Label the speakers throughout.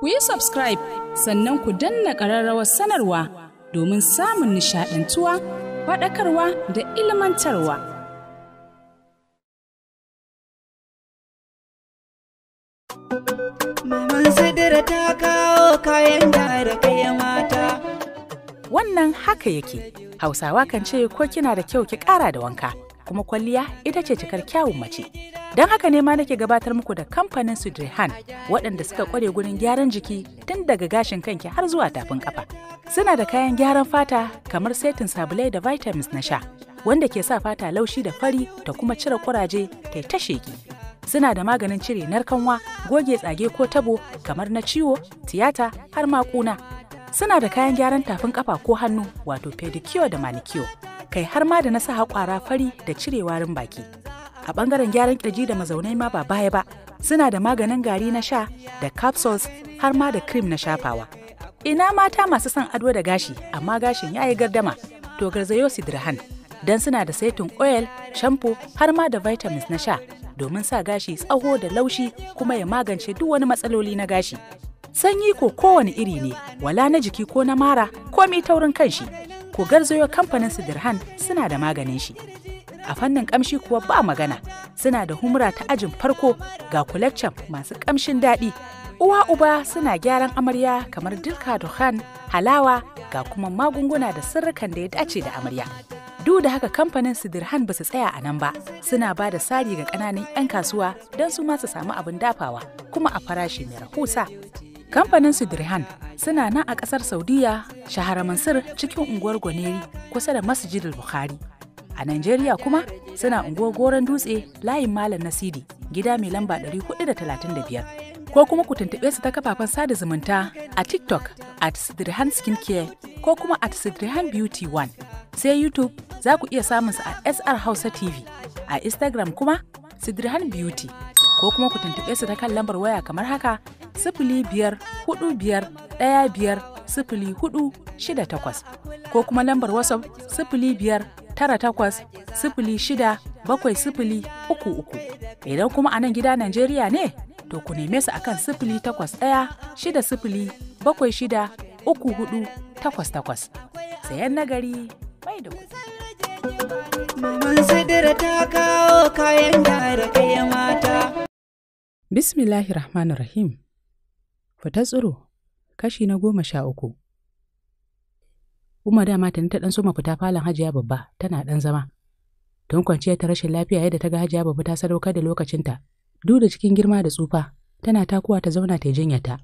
Speaker 1: ku yi subscribe sannan ku danna ƙararrawar sanarwa domin samun nishaɗantuwa faɗakarwa da ilmantarwa. Wannan haka yake, Hausawa kan ce ko kina da kyau ki ƙara da wanka. kuma kwalliya ita ce cikar kyawun mace. Don haka ne ma nake gabatar muku da kamfanin su waɗanda suka kware gurin gyaran jiki tun daga gashin kanki har zuwa tafin kafa. Suna da kayan gyaran fata kamar setin sabulai da vitamins na sha wanda ke sa fata laushi da fari da kuma cire ƙuraje ta ta sheki. Suna da maganin cire narkanwa, goge tsage ko tabo kamar na ciwo, tiyata har maƙuna. Suna da kayan gyaran tafin kafa ko hannu wato pedicure da manicure. kai har ma da na sa haƙwara fari da cire warin baki a ɓangaren gyaran kirji da mazaunai ma ba baya ba suna da maganin gari na sha da capsules har ma da cream na shafawa ina mata masu son ado da gashi amma gashin ya yi gardama to garzayo sidirhan don suna da saitin oil shampoo har ma da vitamins na sha domin sa gashi tsaho da laushi kuma ya magance duk wani matsaloli na gashi sanyi ko kowane iri ne wala na jiki ko na mara komi taurin kanshi ku garzayo kamfanin Sidirhan suna da maganin shi. A fannin kamshi kuwa ba magana, suna da humra ta ajin farko ga kulaccan masu kamshin daɗi. Uwa uba suna gyaran amarya kamar dilka duhan, halawa ga kuma magunguna da sirrikan da ya dace da amarya. Duk da haka kamfanin Sidirhan ba su tsaya a nan ba, suna ba da sari ga ƙananan 'yan kasuwa don su ma su samu abin dafawa kuma a farashi mai rahusa. Kamfanin sidrihan suna nan a ƙasar Saudiya shaharamansir Mansur cikin unguwar Gwaneri kusa da Masjidul Bukhari. A Najeriya kuma suna unguwar Goron Dutse layin Malam Nasidi gida mai lamba 435. Ko kuma ku tuntuɓe su ta kafafen sada zumunta a TikTok at Sidrihan Skincare ko kuma at sidrihan Beauty One. Sai YouTube za ku iya samun su a SR Hausa TV. A Instagram kuma sidrihan Beauty. ko kuma ku tuntuɓe su ta kan lambar waya kamar haka sifili biyar hudu biyar ɗaya biyar sifili hudu shida takwas ko kuma lambar wasaf sifili biyar tara takwas sifili shida bakwai sifili uku uku idan kuma a nan gida Najeriya ne to ku neme su akan sifili takwas ɗaya shida sifili bakwai shida uku hudu takwas takwas sayan nagari mai da Maman kayan da mata. Bismillahir Rahmanir Rahim. Fita tsiro, kashi na goma sha uku. Umar da ni ta ɗan soma fita falon hajiya babba tana ɗan zama. Don kwanciya ta rashin lafiya yadda ta ga hajiya babba ta sadaukar da lokacinta, duk da cikin girma da tsufa, tana takuwa ta zauna ta jinyata.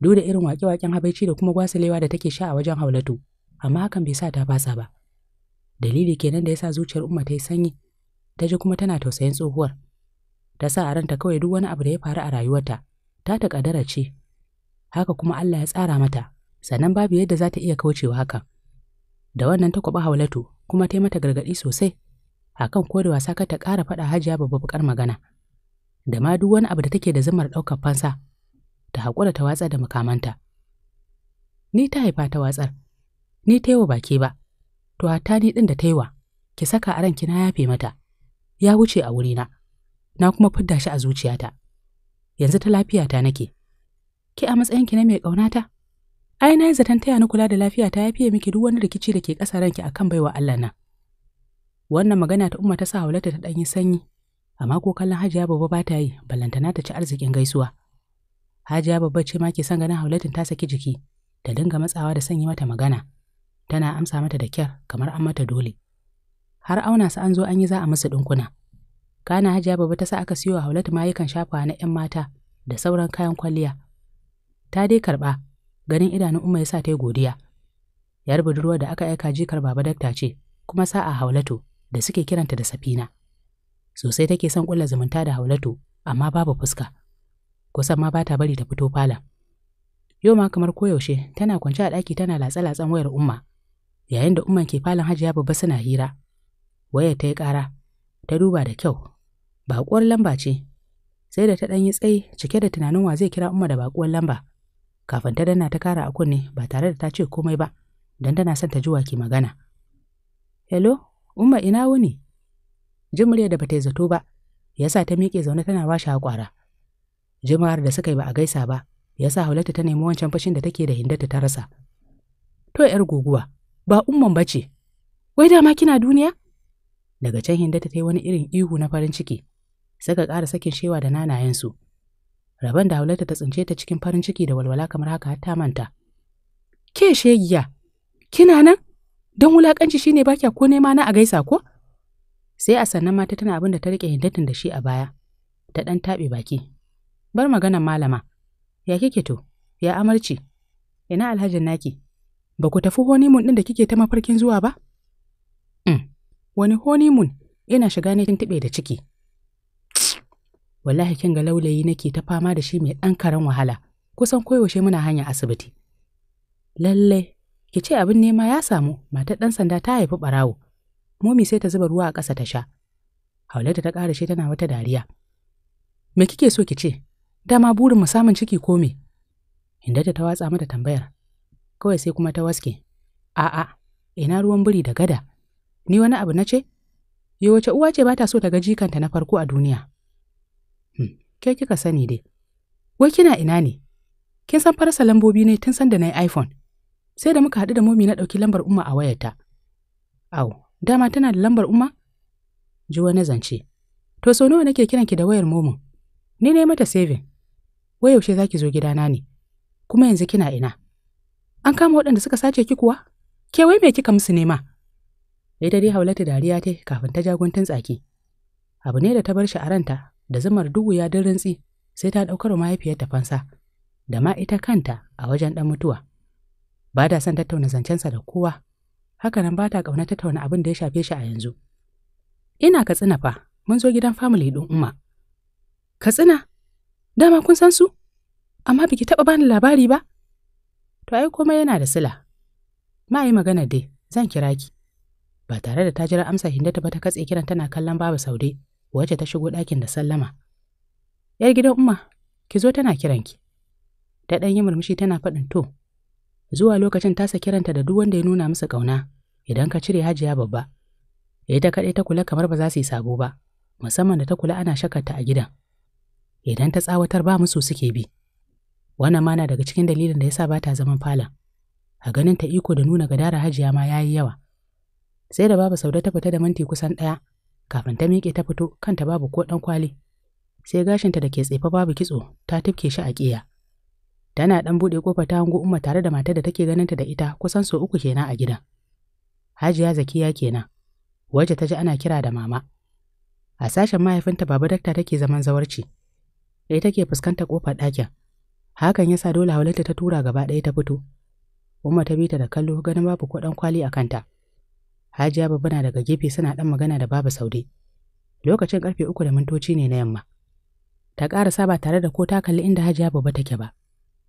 Speaker 1: Duk da irin waƙe-waƙen habaici da kuma gwasalewa da take sha a wajen haulatu, amma hakan bai sa ta fasa ba. Dalili kenan da ya sa zuciyar Umar ta yi sanyi, ta ji kuma tana tausayin tsohuwar. ta sa a ranta kawai duk wani abu da ya faru a rayuwarta ta ta kadara ce haka kuma Allah ya tsara mata sannan babu yadda za ta iya kaucewa haka da wannan ta kwaba haulatu kuma ta yi mata gargadi sosai akan ko da wasa ka ta ƙara faɗa hajiya babba bukar magana da ma duk wani abu da take da zamar ɗaukar fansa ta haƙura ta watsa da mukamanta. ni ta haifa ta watsar ni ta yi wa baki ba to hatta ni ɗin da ta yi wa ki saka a ranki na yafe mata ya wuce a wurina. na na kuma fidda shi a zuciyata. Yanzu ta lafiyata nake. Ki a matsayinki na mai ƙaunata? Ai na yi zaton taya ni kula da lafiyata ya fiye miki duk wani rikici da ke ƙasa ranki akan baiwa Allah na. Wannan magana ta umma ta sa Hawlata ta yi sanyi, amma ko kallon Hajiya babba ba ta yi, ballantana ta ci arzikin gaisuwa. Hajiya babba ce ma ke son ganin Hawlatin ta saki jiki, ta dinga matsawa da sanyi mata magana. Tana amsa mata da kyar kamar an mata dole. Har auna su an zo an yi za a musu ɗinkuna. kana hajiya baba ta sa aka siyo a haulatu mayukan shafawa na 'yan mata da sauran kayan kwalliya ta dai karɓa ganin idanun umma ya sa ta yi godiya yar budurwar da aka aika jikar baba dakta ce kuma sa'a haulatu da suke kiranta da safina sosai take son ƙulla zumunta da haulatu amma babu fuska kusan ma ba ta bari ta fito falon yau ma kamar koyaushe tana kwance a ɗaki tana latsa-latsan wayar umma yayin da umman ke falon hajiya babba suna hira wayar ta yi ƙara ta duba da kyau baƙuwar lamba ce sai da ta ɗan yi tsayi cike da tunanin wa zai kira umma da baƙuwar lamba kafin ta danna ta kara a kunne ba tare da ta ce komai ba don tana son ta ji wa magana hello umma ina wuni jin murya da bata yi zato ba ya sa ta miƙe zaune tana washe haƙwara Jimar da suka yi ba a gaisa ba ya sa ta nemi wancan fashin da take da hindata ta rasa to yar guguwa ba umman bace wai dama kina duniya daga can hindata ta yi wani irin ihu na farin ciki Saka ƙara sakin shewa da nanayensu. Rabon da Haulata ta tsince ta cikin farin ciki da walwala kamar haka har ta manta. Ke shegiya, kina nan? Don wulaƙanci ne bakya ko nema na a gaisa ko? Sai a sannan mata tana abin da ta riƙe hindatin da shi a baya. Ta ɗan taɓe baki. Bar maganar malama. Ya kike to? Ya amarci? Ina alhajin naki? Ba ku tafi honeymoon ɗin da kike ta mafarkin zuwa ba? Mm, wani honeymoon yana shiga ne tuntuɓe da ciki. wallahi kin ga laulayi nake ta fama da shi mai ɗan karen wahala kusan koyaushe muna hanya asibiti lalle ki ce abin nema ya samu matar ɗan sanda ta haifi ɓarawo momi sai ta zuba ruwa a ƙasa ta sha haulata ta ƙara shi tana wata dariya me kike so ki ce dama burin mu samun ciki ko me hindata ta watsa mata tambayar kawai sai kuma ta waske a'a ina ruwan biri da gada ni wani abu na ce yo wace uwa ce ba ta so ta ga jikanta na farko a duniya Hmm. Ke kika sani dai. Wai kina ina ne? Kin san farasa lambobi ne tun sanda da na yi iPhone. Sai da muka haɗu da momi na ɗauki lambar umma a wayarta. Au, dama tana da lambar umma? Ji wani zance. To sau nawa nake kiranki da wayar momin? Ni ne mata saving. Wai yaushe za ki zo gidana ne? Kuma yanzu kina ina? An kama waɗanda suka sace ki kuwa? Ke wai me kika musu nema? Ita dai Haulatu dariya ta kafin ta jagon tsaki. Abu ne da ta bar shi a ranta da zumar duhu ya din rintsi sai ta ɗaukar mahaifiyarta fansa da ma ita kanta a wajen ɗan mutuwa. Ba da son tattauna zancensa da kowa, Haka nan ba ta ƙauna tattauna abin da ya shafe shi a yanzu. Ina Katsina fa, mun zo gidan family ɗin Umma. Katsina? Dama kun san su? Amma biki taɓa bani labari ba? To ai komai yana da sila. Ma yi magana dai, zan kira ki. Ba tare da ta jira amsa Hindata ba ta katse kiran tana kallon Babu Saude. wacce ta shigo ɗakin da sallama. ‘Yar gidan Umma, ki zo tana kiranki. Ta ɗan yi murmushi tana faɗin to, zuwa lokacin tasa kiranta da duk wanda ya nuna musu ƙauna idan ka cire hajiya babba. Ita kaɗai ta kula kamar ba za su yi sabo ba, musamman da ta kula ana shakarta a gidan. Idan ta tsawatar ba musu suke bi. Wannan ma na daga cikin dalilin da yasa ba ta zaman falon. A ganin ta iko da nuna gadara hajiya ma ya yi yawa. Sai da babu Saude ta fita da minti kusan ɗaya, kafin ta miƙe ta fito kanta babu ko ɗan kwali sai gashinta da ke tsefa babu kitso ta tufke shi a ƙiya tana ɗan buɗe ƙofar ta hango umma tare da matar da take ganinta da ita kusan so uku kenan a gidan hajiya zakiya kenan wacce ta ji ana kira da mama a sashen mahaifinta baba dakta take zaman zawarci ita take fuskantar ƙofar ɗakin hakan ya sa dole haulata ta tura gaba ɗaya ta fito umma ta bi ta da kallo ganin babu ko ɗan kwali a kanta Hajiya babba na daga gefe suna ɗan magana da Baba Saude. Lokacin ƙarfe uku da mintoci ne na yamma. Ta ƙarasa saba tare da ko ta kalli inda Hajiya babba take ba.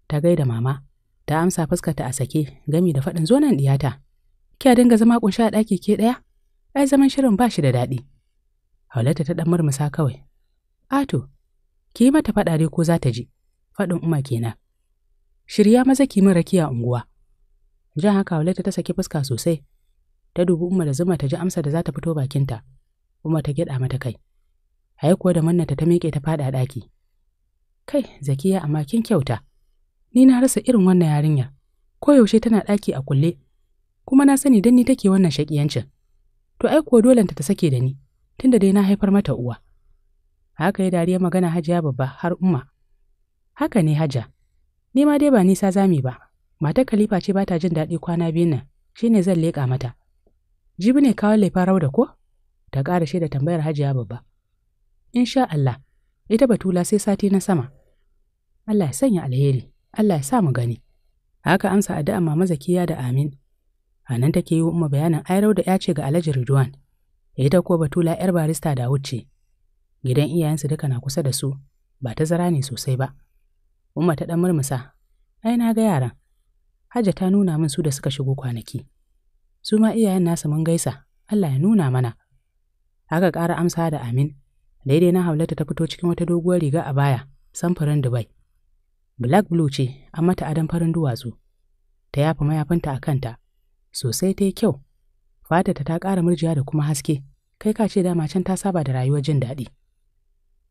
Speaker 1: Ta gaida mama, ta amsa fuskarta a sake gami da faɗin zonan ɗiyata. Kya dinga zama ƙunshi a ɗaki ke ɗaya? Ai zaman shirin ba shi da daɗi. Haulata ta ɗan murmusa kawai. Ato, ki yi mata faɗa dai ko za ta ji. Faɗin Uma kenan. Shirya maza ki min rakiya unguwa. Jan haka Haulata ta saki fuska sosai, ta dubi Umma da Zuma ta ji amsa da za ta fito bakinta. Umma ta gyaɗa mata kai. Haye kuwa da mannata ta miƙe ta faɗa ɗaki. Kai, Zakiya amma kin kyauta. Ni na rasa irin wannan yarinya. Koyaushe tana ɗaki a kulle. Kuma na sani dan ni take wannan shaƙiyancin. To ai kuwa ta ta sake da ni, tunda dai na haifar mata uwa. Haka ya dariya magana Hajiya babba har Umma. Haka ne Hajja. Ni ma dai ba nisa zami ba. Matar Khalifa ce ba ta jin daɗi kwana biyun nan, ne zan leka mata. Jibi ne kawo lefa da ko? Ta ƙara da tambayar hajiya babba. In sha Allah, ita batula sai sati na sama. Allah ya sanya alheri, Allah ya sa mu gani. Haka amsa addu'a mama Zakiya da Amin. A nan take yi umma bayanin ai da ya ce ga Alhaji Ridwan. Ita ko batula 'yar barista da wuce. Gidan iyayensu duka na kusa da su, ba ta zara ne sosai ba. Umma ta ɗan murmusa, ai na ga yaran. Hajja ta nuna min su da suka shigo kwanaki. su ma iyayen nasa mun gaisa, Allah ya nuna mana. Aka ƙara amsa da amin, daidai na haulata ta fito cikin wata doguwar riga a baya, samfurin Dubai. Black Blue ce, an mata adon farin duwatsu. Ta yafa mayafinta a kanta, sosai ta yi kyau. Fatata ta ƙara murjiya da kuma haske, kai ka ce dama can ta saba da rayuwar jin daɗi.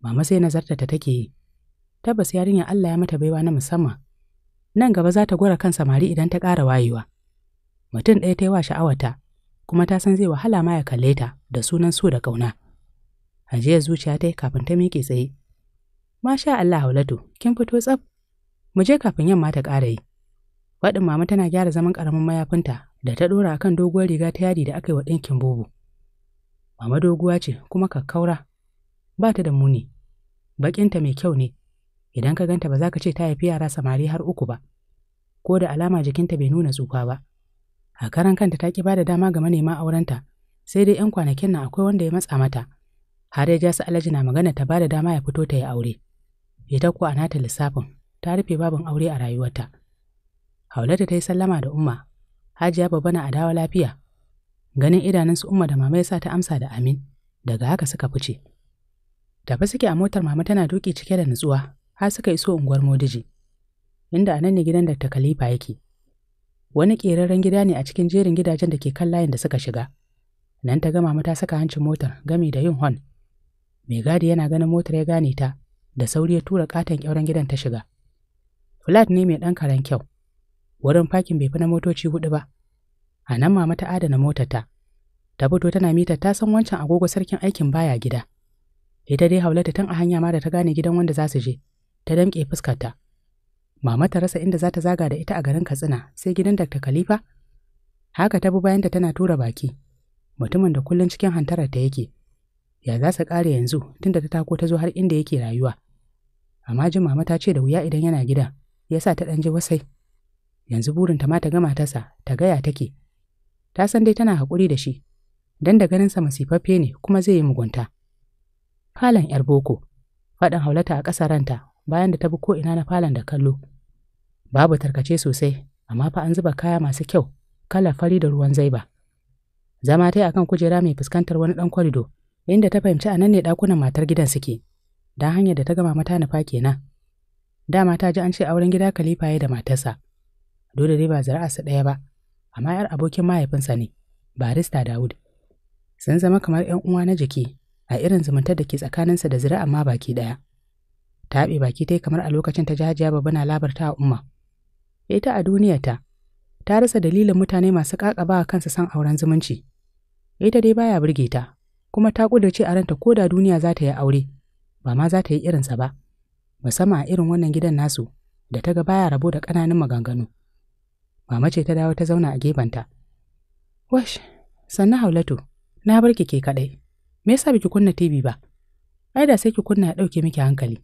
Speaker 1: Mama sai nazarta ta take yi. Tabbas yarinyar Allah ya mata baiwa na musamman. Nan gaba za ta gwara kan samari idan ta ƙara wayewa. mutum ɗaya ta yi wa sha'awata, kuma ta san zai wahala ma ya kalle ta da sunan su da ƙauna. Hajiya zuciya ta yi kafin ta miƙe tsaye. Masha Allah Haulatu, kin fito tsaf. Mu je kafin yamma ta ƙara yi. Faɗin mama tana gyara zaman ƙaramin mayafinta da ta ɗora akan doguwar riga ta yadi da aka yi wa ɗinkin bobo. Mama doguwa ce kuma kakkaura. Ba ta da muni. Baƙinta mai kyau ne. Idan ka ganta ba za ka ce ta haifi yara samari har uku ba. Ko da alama jikinta bai nuna tsufa ba. a karan kanta ta ki bada dama ga manema aurenta sai dai 'yan kwanakin nan akwai wanda ya matsa mata har ya ja alaji na magana ta bada dama ya fito ta yi aure ita ko a nata lissafin ta rufe babin aure a rayuwarta haulata ta yi sallama da umma hajiya babba na adawa lafiya ganin idanunsu umma da mama ya sa ta amsa da amin daga haka suka fice tafi suke a motar mama tana duki cike da nutsuwa har suka iso unguwar modiji inda a nan ne gidan da ta khalifa yake wani ƙerarren gida ne a cikin jerin gidajen da ke kan layin da suka shiga. Nan ta gama mata saka hancin motar gami da yin hon. Mai gadi yana ganin motar ya gane ta, da sauri ya tura katon ƙyauren gidan ta shiga. Flat ne mai ɗan karen kyau. Wurin fakin bai fi na motoci hudu ba. A nan mama ta adana motar ta. Ta fito tana mita ta san wancan agogo sarkin aikin baya gida. Ita dai haulata tun a hanya ma da ta gane gidan wanda za su je, ta damƙe fuskarta. Mama ta rasa inda za ta zaga da ita a garin Katsina sai gidan Dr. Khalifa? Haka ta bi bayan da tana tura baki. Mutumin da kullum cikin hantarar ta yake. Ya za su ƙare yanzu tunda ta tako ta zo har inda yake rayuwa. Amma jin mama ta ce da wuya idan yana gida, ya sa ta ɗan je wasai. Yanzu burinta ma ta gama tasa, ta gaya take. Ta san dai tana haƙuri da shi, don da ganinsa masifaffe ne kuma zai yi mugunta. Falon ‘yar boko, faɗin haulata a ƙasa ranta bayan da ta bi ko'ina na falon da kallo. Babu tarkace sosai, amma fa an zuba kaya masu kyau, kala fari da ruwan zaiba. Zama ta yi akan kujera mai fuskantar wani ɗan kwalido. inda ta fahimci a nan ne ɗakunan matar gidan suke, don hanyar da ta gama mata nufa kenan. Dama ta ji an ce auren gida Khalifa ya da matarsa. Dole dai ba su ɗaya ba, amma 'yar abokin mahaifinsa ne, barista Dawud. Sun zama kamar 'yan uwa na jiki a irin zumunta da ke tsakaninsa da zira ma baki ɗaya. ta haɓe baki ta kamar a lokacin ta jihar hajiya babba na labarta a umma ita a duniyarta ta rasa dalilin mutane masu ƙaƙaba a kansu san auren zumunci ita dai baya burge ta kuma ta ƙudurce a ranta ko da duniya za ta yi aure ba ma za ta yi irinsa ba musamman a irin wannan gidan nasu da ta ga baya rabo da ƙananan maganganu mama ce ta dawo ta zauna a gefenta wash sannan haulatu na bar ki ke kaɗai me yasa biki kunna tv ba ai da sai ki kunna ya ɗauke miki hankali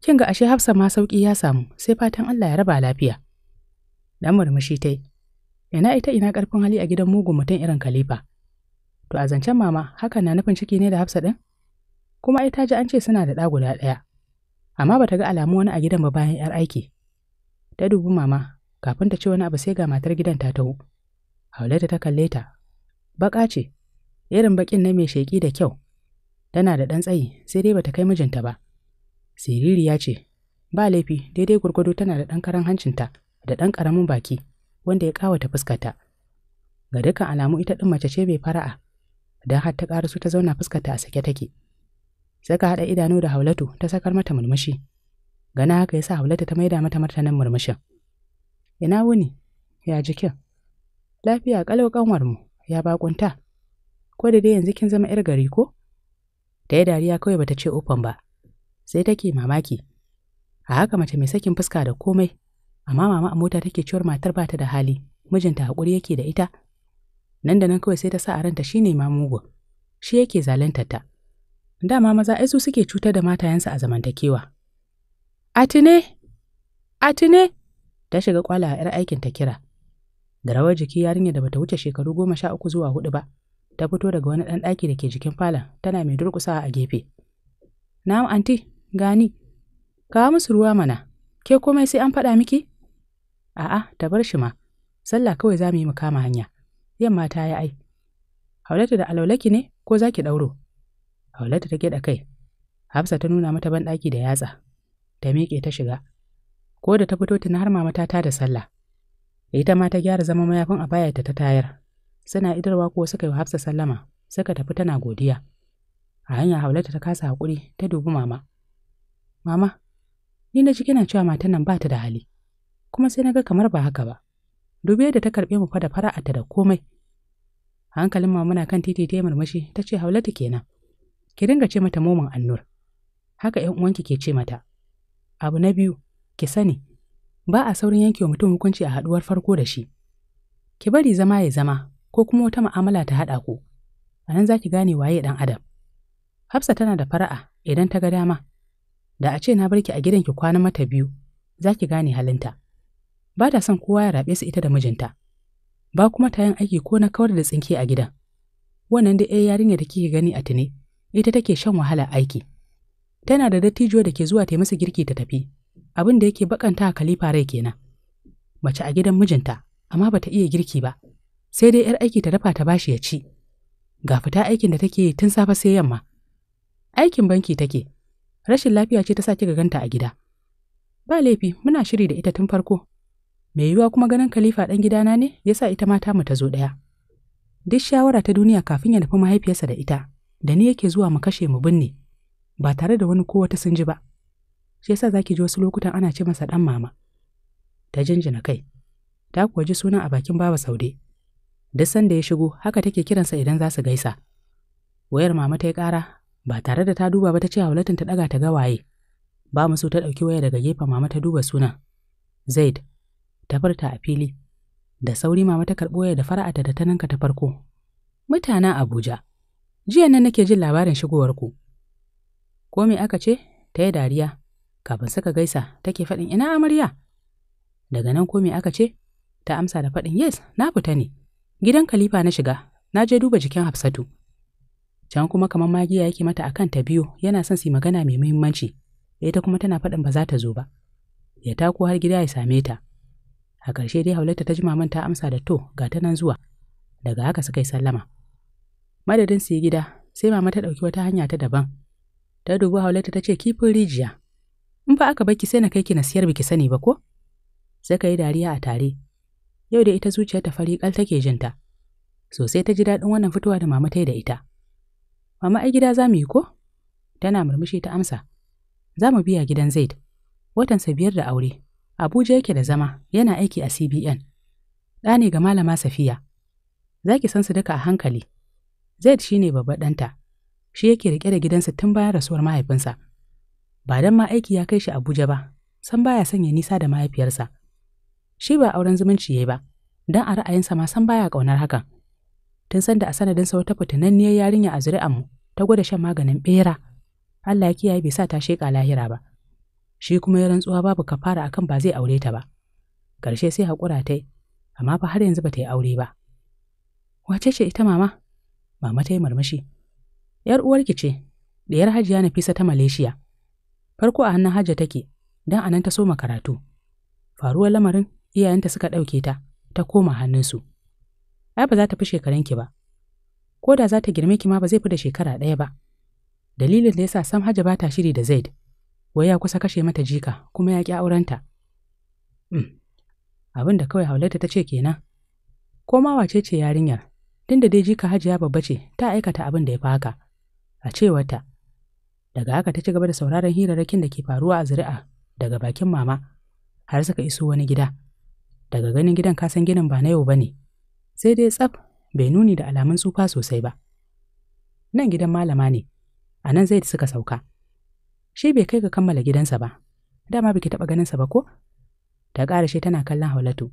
Speaker 1: Kin ga ashe Hafsa ma sauƙi ya samu, sai fatan Allah ya raba lafiya. Dan murmushi tai, Ina ita ina ƙarfin hali a gidan mugun mutum irin Khalifa. To a zancen mama, hakan na nufin ciki ne da Hafsa ɗin? Kuma ai ta ji an ce suna da ɗa guda ɗaya. Amma bata ga alamu wani a gidan ba bayan 'yar aiki. Ta dubi mama, kafin ta ce wani abu sai ga matar gidan ta taho. Haulata ta kalle ta. Baƙa ce, irin baƙin na mai sheƙi da kyau. Tana da ɗan tsayi, sai dai bata kai mijinta ba. Siriri ya ce ba laifi daidai gwargwado tana da ɗan karan hancinta da ɗan ƙaramin baki wanda ya ƙawata fuskata ga dukkan alamu ita ɗin mace ce mai fara'a don har ta su ta zauna fuskata a sake take saka haɗa idanu da haulatu ta sakar mata murmushi gana haka ya sa haulatu ta maida mata martanin murmushin ina wuni ya jikin lafiya ƙalau mu ya bakunta ko da dai yanzu kin zama 'yar gari ko ta ya dariya kawai bata ce ofan ba sai take mamaki. A haka mace mai sakin fuska da komai, amma mama a mota take ciwar matar ba ta da hali, mijinta haƙuri yake da ita. Nan da nan kawai sai ta sa a ranta shi ne ma mugu, shi yake zaluntar ta. Dama maza ai su suke cutar da matayensa a zamantakewa. Atine! Atine! Ta shiga kwala a 'yar aikin ta kira. Da rawar jiki yarinya da bata wuce shekaru goma sha uku zuwa hudu ba, ta fito daga wani ɗan ɗaki da ke jikin falon tana mai durƙusawa a gefe. Na'am anti, Gani, kawo musu ruwa mana, ke komai sai an faɗa miki? A'a, ta bar shi ma, sallah kawai za mu yi mu kama hanya, yamma ta yi ai. Haulatu da alaulaki ne ko za ki ɗauro? Haulatu ta gyaɗa kai, Hafsa ta nuna mata banɗaki da yatsa, ta miƙe ta shiga. Ko da ta fito tuna har mama ta da sallah. Ita ma ta gyara zama mayafin a baya ta tayar. Suna idarwa ko suka yi Hafsa sallama, suka tafi tana godiya. A hanya Haulatu ta kasa haƙuri, ta dubi mama. Mama, ni na ji kina cewa matan nan ba ta da hali, kuma sai na ga kamar ba haka ba. Dubi yadda ta karɓe mu fa da fara'ata da komai. Hankalin mamuna kan titi ta yi murmushi ta ce haulatu kenan. Ki dinga ce mata momin annur. Haka ‘yan uwanki ke ce mata. Abu na biyu, ki sani, ba a saurin yanke wa mutum hukunci a haɗuwar farko da shi. Ki bari zama ya zama, ko kuma wata mu'amala ta haɗa ku. A nan za ki gane waye ɗan Adam. Hafsa tana da fara'a idan ta ga dama, Da a ce na barki a gidan ki kwana mata biyu, za ki gane halinta. Ba ta son kowa ya raɓe su ita da mijinta. Ba kuma ta yin aiki ko na kawar da tsinke a gidan. Wannan da ‘yar eh, yarinya da kike gani a tuni, ita take shan wahala aiki. Tana da dattijo da ke zuwa ta masa girki ta tafi, abin da yake bakanta a kalifa rai kenan. Mace a gidan mijinta, amma ba ta iya girki ba, sai dai ‘yar aiki ta dafa ta bashi ya ci. Ga fita aikin da take yi tun safe sai yamma. Aikin banki take, rashin lafiya ce ta sa kika ganta a gida. Ba laifi muna shiri da ita tun farko. Mai yiwuwa kuma ganin Khalifa ɗan gidana ne ya sa ita mata mu ta zo ɗaya. Duk shawara ta duniya kafin ya nufi mahaifiyarsa da ita, da ni yake zuwa mu kashe mu binne, ba tare da wani ko wata sun ji ba. Shi yasa zaki ji wasu lokutan ana ce masa ɗan mama. Ta jinjina kai, ta kuwa ji sunan a bakin Baba Saude. Duk sanda ya shigo haka take kiransa idan za su gaisa. Wayar mama ta yi ƙara ba tare da ta duba ba ta ce Hawlatin ta ɗaga ta ga waye ba mu so ta ɗauki waya daga gefen mama ta duba suna zaid ta furta a fili da sauri mama ta karɓo waya da fara'ata da ta ninka ta farko mutanen abuja jiya nan nake jin labarin shigowar ku ko me aka ce ta yi dariya kafin suka gaisa take faɗin ina amarya daga nan ko me aka ce ta amsa da faɗin yes na fita ne gidan khalifa na shiga na je duba jikin hafsatu can kuma kamar magiya yake mata akan ta biyu yana son su magana mai muhimmanci ita kuma tana faɗin ba za ta zo ba ya tako har gida ya same ta a ƙarshe dai haulata ta ji maman ta amsa da to ga ta nan zuwa daga haka suka yi sallama madadin su yi gida sai mama ta ɗauki wata hanya ta daban ta dubi haulata ta ce kifin rijiya in ba aka baki sai na kai ki na siyar biki sani ba ko suka yi dariya a tare yau da ita zuciyarta ta fari kal take jinta sosai ta ji daɗin wannan fitowa da mama ta yi da ita Mama ai gida za mu yi ko? Tana murmushi ta amsa. Za mu biya gidan Zaid. Watansa biyar da aure. Abuja yake da zama, yana aiki a CBN. Ɗa ne ga Malama Safiya. Za ki san su duka a hankali. Zaid shi ne babban ɗanta. Shi yake riƙe da gidansa tun bayan rasuwar mahaifinsa. Ba dan ma aiki ya kai shi Abuja ba, san baya sanya nisa da mahaifiyarsa. Shi ba auren zumunci ya yi ba, don a ra'ayinsa ma san baya ƙaunar hakan. tun sanda a sanadinsa wata fitinanniyar yarinya a mu ta gwada shan maganin bera Allah ya kiyaye bai sa ta sheƙa lahira ba shi kuma ya rantsuwa babu kafara akan ba zai aure ta ba Karshe sai haƙura ta yi amma fa har yanzu ba ta yi aure ba wace ce ita mama mama ta yi murmushi yar uwarki ce da yar hajiya nafisa ta malaysia farko a hannun hajja take don anan ta soma karatu faruwar lamarin iyayenta suka ɗauke ta ta koma hannunsu ai ba za ta fi shekarunki ba. Ko da za ta girme ki ma ba zai fi da shekara ɗaya ba. Dalilin da yasa Sam Hajja ba ta shiri da Zaid, wai ya kusa kashe mata jika kuma ya ƙi aurenta. Mm. Abin da kawai Haulata ta ce kenan. Ko ma wace ce yarinyar, tunda dai jika Hajiya babba ce ta aikata abin da ya fi haka. A cewarta, daga haka ta ci gaba da sauraron hirarrakin da ke faruwa a zuri'a daga bakin mama har suka iso wani gida. Daga ganin gidan kasan ginin ba na yau ba ne. sai dai tsaf bai nuni da alamun tsufa sosai ba. Nan gidan malama ne, a nan zai suka sauka. Shi bai kai ga kammala gidansa ba, dama biki taɓa ganinsa ba ko? Ta shi tana kallon Haulatu.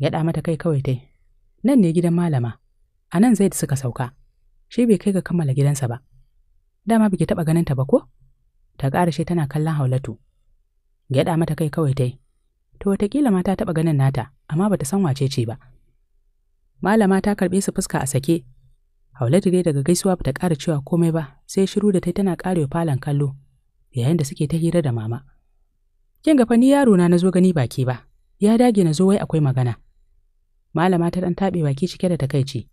Speaker 1: ɗa mata kai kawai tai, nan ne gidan malama, a nan zai suka sauka. Shi bai kai ga kammala gidansa ba. Dama biki taɓa ganinta ba ko? Ta shi tana kallon Haulatu. Gyaɗa mata kai kawai tai, to wataƙila ma ta taɓa ganin nata, amma bata san wace ce ba. Malama ta karɓe su fuska a sake. Haulatu dai daga gaisuwa bata ƙara cewa komai ba, sai shiru da ta tana ƙarewa falon kallo, yayin da suke ta hira da mama. Kin ga ni yaro na nazo gani baki ba, ya dage na zo wai akwai magana. Malama ta ɗan taɓe baki cike da takaici.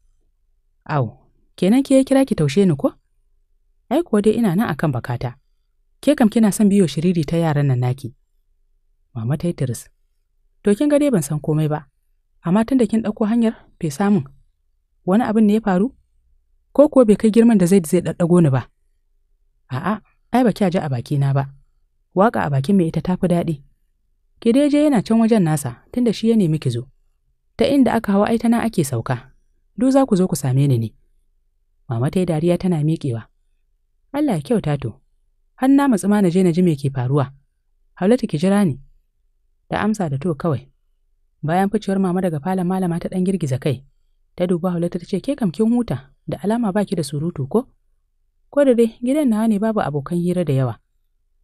Speaker 1: Au, kenan ke ya kira ki taushe ni ko? Ai kuwa dai ina nan akan bakata. Ke kam kina son biyo shiriri ta yaran nan naki. Mama ta yi tiris. To kin ga dai ban san komai ba, amma tun da kin ɗauko hanyar bai samun wani abin ne ya faru ko kuwa bai kai girman da zai zai ɗaɗɗago ni ba a'a ai ba ji a bakina ba waƙa a bakin mai ita tafi daɗi ki dai je yana can wajen nasa tunda shi ya nemi ki zo ta inda aka hawa ai ta ake sauka duk za ku zo ku same ni ne mama ta yi dariya tana miƙewa Allah ya kyauta to har na matsi na je na ji me ke faruwa Halatu ki jira ni da amsa da to kawai Bayan ficewar mama daga falon malama ta ɗan girgiza kai, ta duba Hulatu ta ce ke kam kin huta da alama baki da surutu ko? Ko da dai gidan nawa ne babu abokan hira da yawa.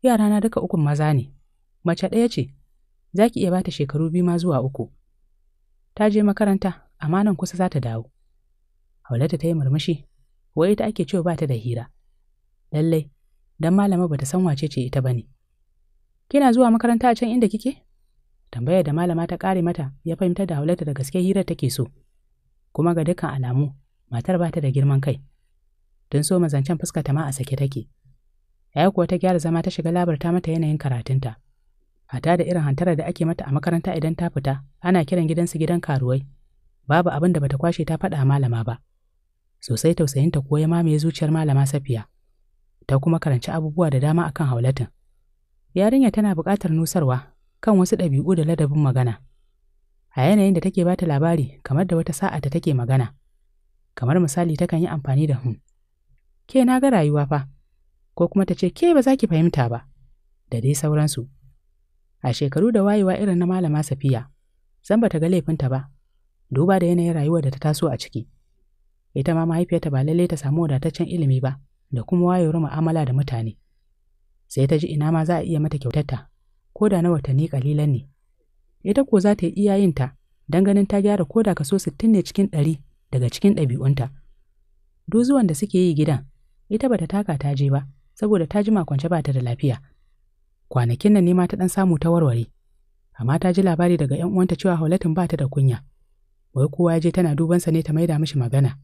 Speaker 1: Yara na duka ukun maza ne. Mace ɗaya ce. Za ki iya bata shekaru biyu ma zuwa uku. Ta je makaranta amma nan kusa za ta dawo. Haulata ta yi murmushi, wai ita ake cewa bata da hira. Lallai, dan malama bata san wace ce ita bane. Kina zuwa makaranta a can inda kike? tambayar da malama ta ƙare mata ya fahimta da haulata da gaske hirar take so kuma ga dukkan alamu matar ba ta da girman kai don so mazancen fuska ta ma a sake take yaya kuwa ta gyara zama ta shiga labarta mata yanayin karatunta hata da irin hantara da ake mata a makaranta idan ta fita ana kiran gidansu gidan karuwai babu abin da bata kwashe ta faɗa malama ba sosai tausayinta kuwa ya mamaye zuciyar malama safiya ta kuma karanci abubuwa da dama akan haulatin yarinya tana buƙatar nusarwa kan wasu ɗabi'u da ladabin magana. A yanayin da take bata labari kamar da wata sa'a ta take magana, kamar misali takan yi amfani da hun. Hmm. Ke na ga rayuwa fa, ko kuma ta ce ke ba za ki fahimta ba, da dai sauransu. A shekaru da wayewa irin na malama Safiya, zan ba ta ga laifinta ba, duba da yanayin rayuwar da ta taso a ciki. Ita ma mahaifiyarta ba lallai ta samu wadataccen ilimi ba, da kuma wayewar mu'amala da mutane. Sai ta ji ina ma za a iya mata kyautatta. ko da na watanni kalilan ne ita ko za ta yi iyayenta don ganin ta gyara ko da kaso sittin ne cikin ɗari daga cikin ɗabi'unta. Duk zuwan da suke yi gidan, ita bata taka ta je ba, saboda ta ji makwance ba ta da lafiya. Kwanakin nan ne ma ta ɗan samu ta warware, amma ta ji labari daga ‘yan uwanta cewa Haulatin ba ta da kunya. Wai kowa ya je tana dubansa ne ta maida mishi magana.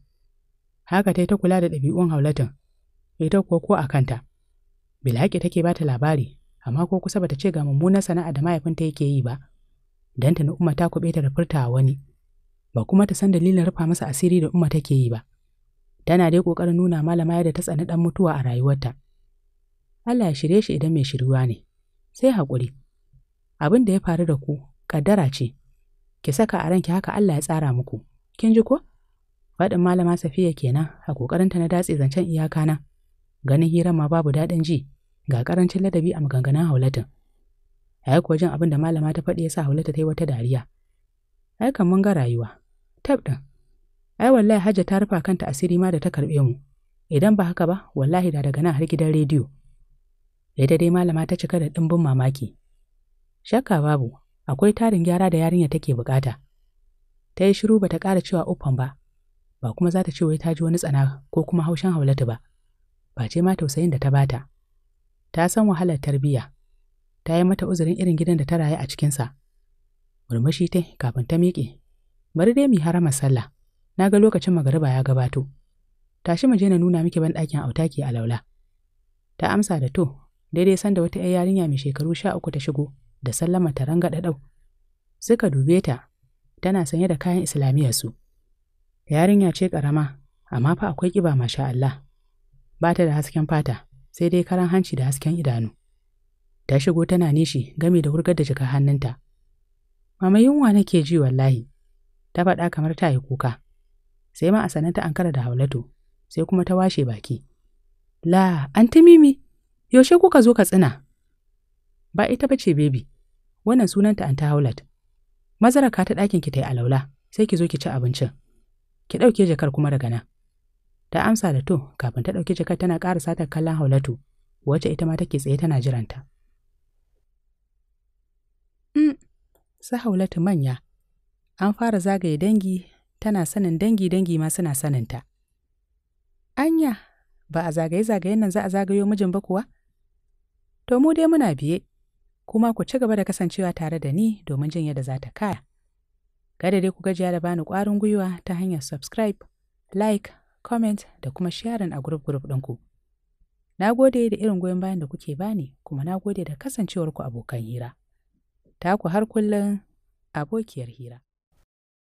Speaker 1: Haka ta yi ta kula da ɗabi'un Haulatin, ita ko ko a kanta. Bilhaƙi take ba ta labari, amma ko kusa bata ce ga mummunan sana'a da mahaifinta yake yi ba dan ta umma ta kuɓe ta da furta wani ba kuma ta san dalilin rufa masa asiri da umma take yi ba tana dai ƙoƙarin nuna malama yadda ta tsani ɗan mutuwa a rayuwarta Allah ya shirye shi idan mai shiruwa ne sai haƙuri abin da ya faru da ku ƙaddara ce ki saka a ranki haka Allah ya tsara muku kin ji ko faɗin malama safiya kenan a ƙoƙarinta na datse zancen iyakana ganin hiran ma babu daɗin ji ga karancin ladabi a maganganun haulatin ai kuwa jin abin da malama ta faɗi ya sa haulata ta yi wata dariya ai kan mun ga rayuwa tab ɗin ai wallahi hajja ta rufa kanta asiri ma da ta karɓe mu idan ba haka ba wallahi da daga nan har gidan rediyo Ya dai malama ta cika da ɗimbin mamaki shakka babu akwai tarin gyara da yarinya take bukata ta yi shiru bata ƙara cewa uffan ba ba kuma za ta ce wai ta ji wani tsana ko kuma haushin haulatu ba ba ce ma tausayin da ta bata ta san wahalar tarbiyya ta yi mata uzurin irin gidan da ta rayu a cikinsa murmushi ta kafin ta miƙe bari dai mu harama sallah na ga lokacin magariba ya gabato tashi mu je na nuna miki banɗakin autaki a laula ta amsa da to daidai sanda wata 'yar yarinya mai shekaru sha uku ta shigo da sallama ta ranga ɗaɗau suka dube ta tana sanye da kayan su yarinya ce ƙarama amma fa akwai ƙiba masha Allah ba ta da hasken fata sai dai karan hanci da hasken idanu. Ta shigo tana nishi gami da wurgar da jikar hannunta. Mama yunwa nake ji wallahi, ta faɗa kamar ta yi kuka. Sai ma a sananta an kara da haulatu, sai kuma ta washe baki. La, An ta mimi, yaushe kuka zo ka tsina? Ba ita ba ce bebi, wannan sunanta an ta haulat. Mazaraka ta ɗakin ki ta yi alaula, sai ki zo ki ci abincin. Ki ɗauke jakar kuma daga nan. ta amsa da to kafin ta ɗauki jakar tana ƙara satar kallon haulatu wacce ita ma take tsaye tana jiranta. Mm, sa haulatu manya, an fara zagaye dangi tana sanin dangi dangi ma suna saninta. Anya, ba a zagaye-zagayen nan za a zagayo mijin ba kuwa? To mu dai muna biye, kuma ku ci gaba da kasancewa tare da ni domin jin yadda za ta kaya. Kada dai ku gajiya da bani ƙwarin gwiwa ta hanyar subscribe, like, comment da kuma sharing a group group ɗinku. Na gode da irin goyon bayan da kuke bani kuma na gode da kasancewarku abokan hira. Ta ku har kullum abokiyar hira.